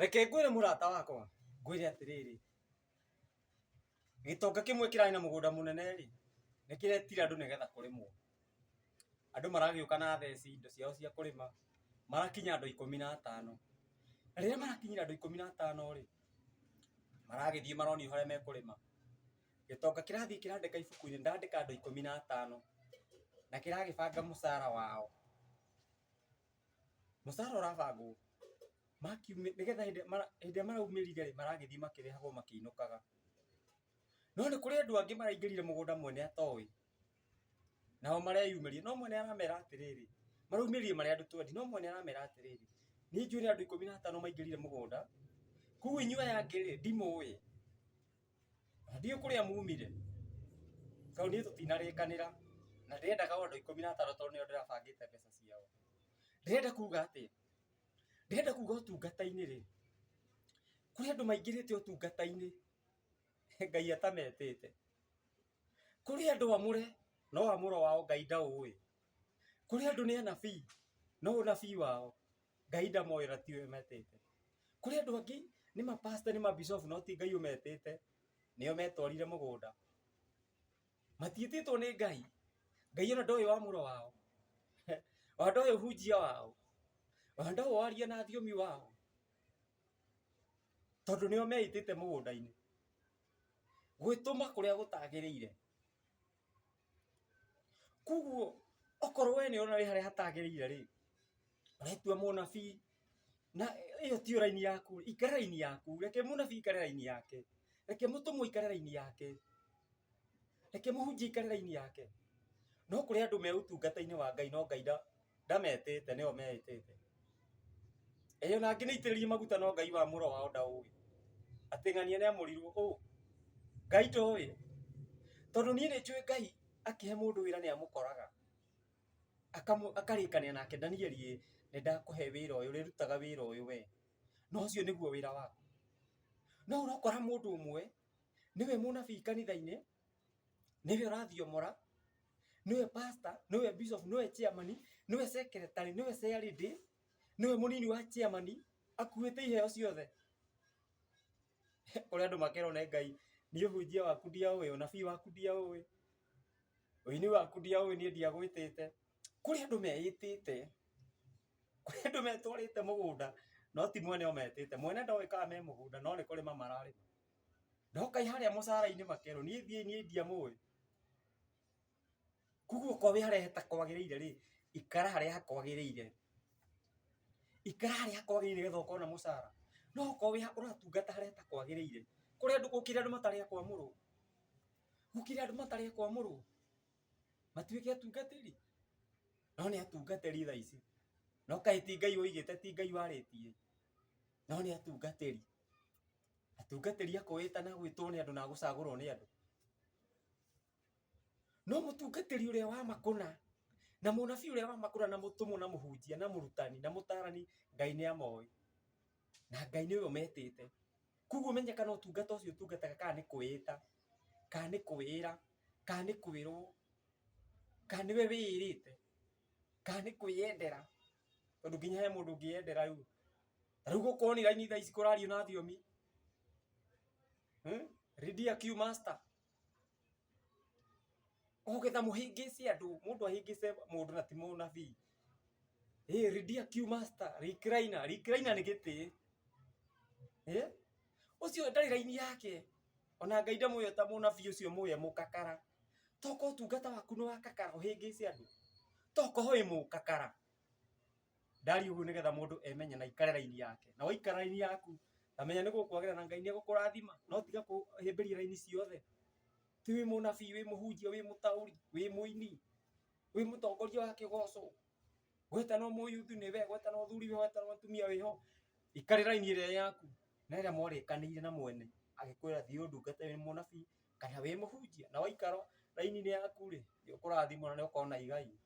reke ngwire murata wakwa ngwire atiriri gitonga kimwe kirai na mugunda munene ri nikiretira andu nigetha kurimwo andu maragiuka na theci indo ciao cia kurima marakinya andu ikumi na atano na riria marakinyira andu ikumi na atano ri maragithii maronio haria mekurima gitonga kirathii kirandika ibuku-ini ndandika andu ikumi na atano na kiragibanga mucara wao mucara urabangwo nigetha hĩndĩ ĩrĩa maraumĩrire maragĩthiĩ makĩrĩhagwo makĩinũkaga no nĩ kũrĩ andũ angĩ maraingĩrire mũgũnda mwene atoĩ nao mareyumĩria no mwene aramera atĩrĩrĩ maraumĩrire marĩ andũ twendi no mwene aramera atĩrĩrĩ niĩ njũĩ nĩ andũ ikũmi na atano maingĩrire mũgũnda kũguo inyuĩ aya angĩ-rĩ ndimũĩ na ndiũĩ kũrĩa mumire kau niĩ tũtinarĩkanĩra na ndĩrendaga o andũ ikũmi na atano tondũ nĩo ndĩrabangĩte mbeca ciao ndĩrenda kuga atĩa ndĩrenda kuga ũtungata-inĩ rĩ kũrĩ andũ maingĩrĩte ũtungata-inĩ ngai atametĩte kuri andũ amure no amuro wao ngai ndaũĩ kuri andũ ni anabii no ũnabii wao ngai ndamoĩra tiwe metĩte kũrĩ andũ angĩ nĩ mapasta nĩ mabicobu no ti ngai ũmetĩte nĩo metwarire mũgũnda matiĩtĩtwo nĩ ngai ngai ona ndoĩ wamũro wao ona ndoĩ hunjia wao anda waria na thiomi wao tondu nio meitite mugundaini gwituma kuria gutagiriire kuguo okorwo we niona ri haria hatagiriire ri uretua munabii na iyo tio raini yaku ikara raini yaku reke munabii ikare raini yake reke mutumwo ikare raini yake reke muhunjia ikare raini yake no kuri andu me utungata-ini wa ngai no ngai ndametete nio meitite eyo na nä itä maguta no ngai wa må wao ndaå gä atä ng'ania nä amå å ngai ndoä tondå niä nä njå ngai akä he wira ndå wä ra nä amå koraga akarä kania nake ndanieli nä ndakå he wä ra å yå rä rutaga wä ra we no å cio nä guo wä ra waku no å rakora må ndå å mwe nä we må nabii kanitha-inä nä we å pastor nä bishop nä chairman nä secretary nä we ciarä ndä niwe munini wa chairman akuite iheo ciothe uria andu makerone ngai ni uhunjia waku ndiaũĩ ũnabii waku ndiaũĩ ũini waku ndiaũĩ niĩ ndiagwĩtĩte kũrĩ andũ meĩtĩte kũrĩ andũ metwarĩte mũgũnda no ti mwene ũmetĩte mwene ndoĩ kana me mũgũnda no nĩ kũrĩma mararĩma ndokai harĩa mũcara-inĩ makerwo niĩ thiĩ niĩ ndiamũĩ kuguo korwo wĩ harĩa hatakwagĩrĩire rĩ ikara harĩa hakwagĩrĩire ikara harä a kwagä rä getha ukona må cara no okorwo wä uratungata harä a ta kwagä rä ire kå rä gå kä rä andå matarä akwamå rwo gå kä rä andå matarä akwamå matuä ke atungatä ri no nä atungatä ri tha ici no kaä ti ngai wå ti ngai warä no nä atungatä ri atungatä na gwä two nä na gå cagå rwo no må tungatä ri å rä a wa makå na na munabii uria wamakura na mutumu na muhunjia na murutani na mutarani ngai ni amoi na ngai ni uyo metite kugu menye kana utungata ucio utungataga kana ni kwita kana ni kwira kana ni kwirwo kana ni we wirite kana ni kwiyendera tondu nginya he mundu ngiyendera riu riu gukorwo ni raini thaa ici kurario na thiomi hmm? redia q master getha muhingici andu mundu ahingice mundu na ti munabii eh ridia kiu master rikraina rikraina ni giti eh ucio ndari raini yake ona ngai ndamuoya ta munabii ucio muoya kakara toko tungata waku ni wakakara uhingice andu toko hoi mukakara ndari uguo nigetha mundu emenye na ikare raini yake na waikara raini yaku tamenya ni gukwagirana ngai ni egukurathima no tiga kuhimbiria raini ciothe ti wä wä må må nabii wi munabii wi muhunjia wä må ini wä må tongoria wa kä goco må yuthu nä we kigoco thuri muyuthu niwe gwetanwo wä ho ikarä raini ä rä a yaku na ä rä a morä kanä ire na mwene ra agikwira ndungata wä må nabii kana wä må hunjia na waikaro raini-inä yaku rä nä å kå rathimå na nä å korwo na igai